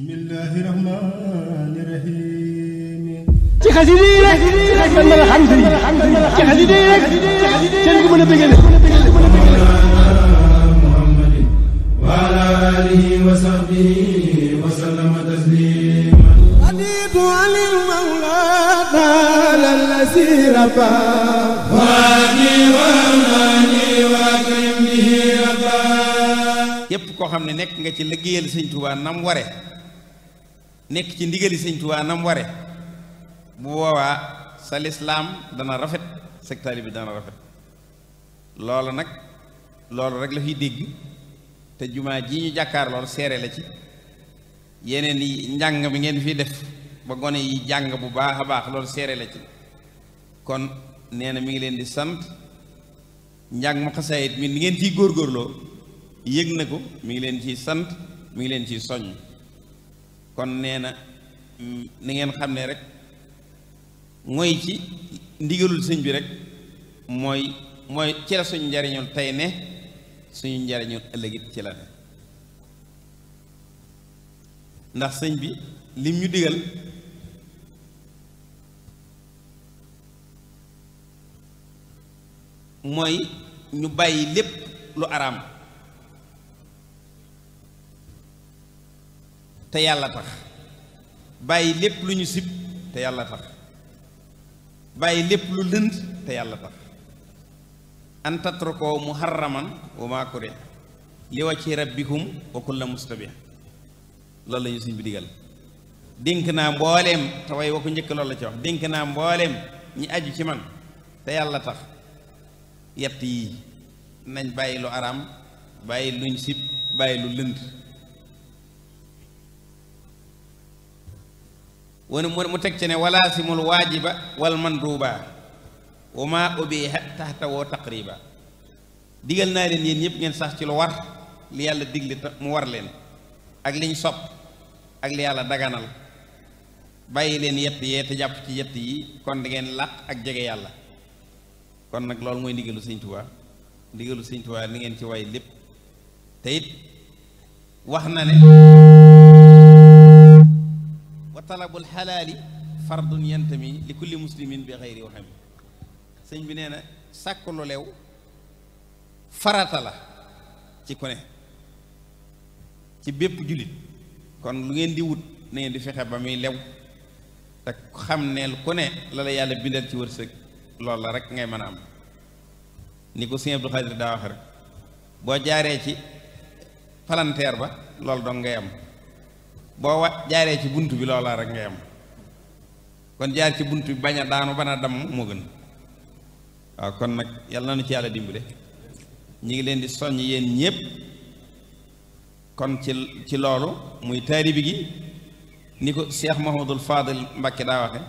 bismillaahi rahmaani rahiim ci xasida yi rek man mën a xam sëriñ ci xasida yi rek seen ko mën a bëggale muhammadin wa ala alihi wa sahbihi wa sallama tasliman anitu alil mawla taala lasi rafa waani wa maani wa akrim bihi rafa yépp koo xam ne nekk nga ci liggéeyal sëñ Tuubaa nam ware nekk ci ndigali sëñ Tuubaa ware bu boobaa sa lislaam dana rafet sa bi dana rafet loolu nag loolu rek la fiy dégg te jumaa ji ñu jàkkaar loolu seere la ci yeneen yi njàng bi ngeen fi def ba gone yi jàng bu baax a baax loolu seere la ci kon nee na mi ngi leen di sant njàng mu xasaayit mi ni ngeen góor góorloo yëg na ko mi ngi leen ciy sant mi ngi leen ciy soññ kon nee na ni ngeen xam ne rek mooy ci ndigalul sëñ bi rek mooy mooy ci la suñu njariñul tey ne suñu njariñul ëllëgit ci la ne ndax sëñ bi lim ñu digal mooy ñu bàyyi lépp lu araam te yàlla tax bàyyi lépp lu ñu sib te yàlla tax bàyyi lépp lu lënd te yàlla tax an tatrukoo muharraman wa maa kuriha li wàcci rabbikum wa kulla mustabih loolu la ñu bi digal dénk naa mbooleem te way wa ko njëkk lool la ci dénk naa mbooleem ñi aju ci man te yàlla tax yett yi nañ bàyyi lu araam bàyyi luñ sib bàyyi lu lënd woni mu tek ci ne simul wajiba wal manduba wa maa ubiha tahta wa taqriba digal na len yeen ñep ngeen sax ci lu war li yalla digli mu war len ak liñ sop ak li yalla daganal bayi len yett yee japp ci yett yi kon da ngeen làq ak jege yalla kon nak lool moy digelu seigne touba digelu seigne touba ni ngeen ci way lepp te it ne talabu alxalaali fardun yantami li kulli muslimin bi xayri waxam sëñ bi nee na sàkk lu lew farata la ci ku ne ci bépp jullit kon lu ngeen di wut na ngeen di fexe ba muy lew te xam ne ku ne la la yàlla bindal ci wërsëg loolu la rek ngay mën a am ni ko sëñ Abdou Xaadir daa wax rek boo jaaree ci palanteer ba loolu dong ngay am boo wa jaaree ci bunt bi loola rek ngay am kon jaar ci bunt bi bañ a daanu banaa a damm moo gën waaw kon nag yàlla nanu ci yàlla dimbale ñu ngi leen di soññ yéen ñépp kon ci ci loolu muy taalibi gi ni ko Cheikh Mouhamadul Fadil Mbacké daa waxe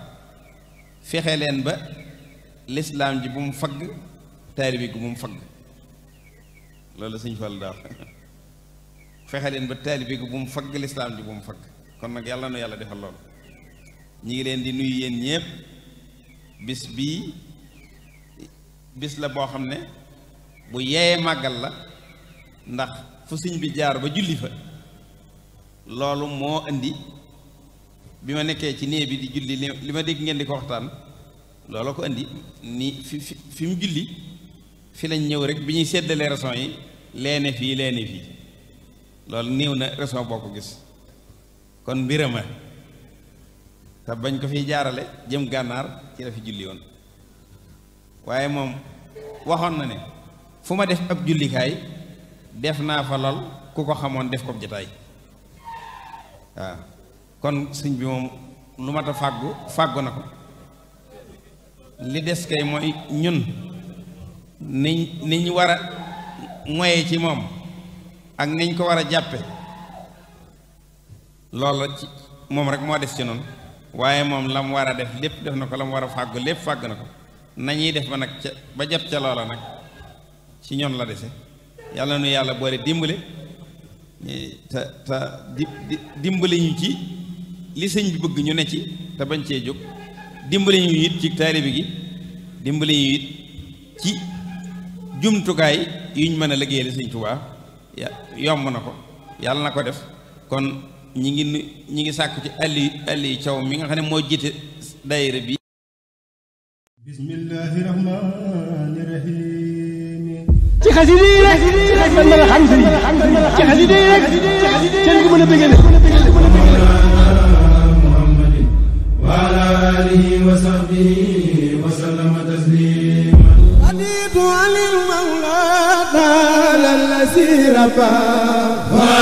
fexe leen ba lislaam ji bu mu fagg taalibi gi bu mu fagg loolu sëñ Fall daa waxe fexe leen ba taalibe gi bu mu fagg lislaam ji bu mu fagg kon nag yàlla na yàlla defal loolu ñi ngi leen di nuyu yéen ñépp bis bii bis la boo xam ne bu yeye màggal la ndax fu sëñ bi jaar ba julli fa loolu moo indi bi ma nekkee ci néeg bi di julli li li ma dégg ngeen di ko waxtaan loolu ko indi ni fi fi fi mu julli fi lañ ñëw rek bi ñuy séddalee raison yi leene fii leene fii loolu néew na raison boo ko gis kon mbirama te bañ ko fiy jaarale jëm gànnaar ci la fi julli woon waaye moom waxoon na ne fu ma def ab jullikaay def naa fa lool ku ko xamoon def ko jataay waaw kon sëñ bi moom lu mat a fàggu fàggu na ko li des kay mooy ñun niñ niñ war a ci moom ak niñ ko wara jappé loolu ci moom rek moo des ci noonu waaye moom lam mu war a def lépp def na ko la mu war a fàggu lépp fàgg na ko nañuy def ba nag ca ba jot ca loola nag ci ñoom la dese yàlla nu yàlla boole dimbale te te di dimbale ñu ci li sëñ bi bëgg ñu ne ci te bañ cee jóg dimbale ñu it ci taalibi gi dimbale ñu it ci jumtukaay yuñ mën a liggéeyal sëñ Tuubaa yomb na ko yàlla na ko def kon ñi ngi ñi ngi sàkk ci ali ali caw mi nga xam ne moo jiite daayira bi bismillahi rahmani rahim ci xasida yi rek man mën a xam sëriñ ci xasida yi rek seen gi mën a bëggale muhammadin wa ala alihi wa sahbihi si rabba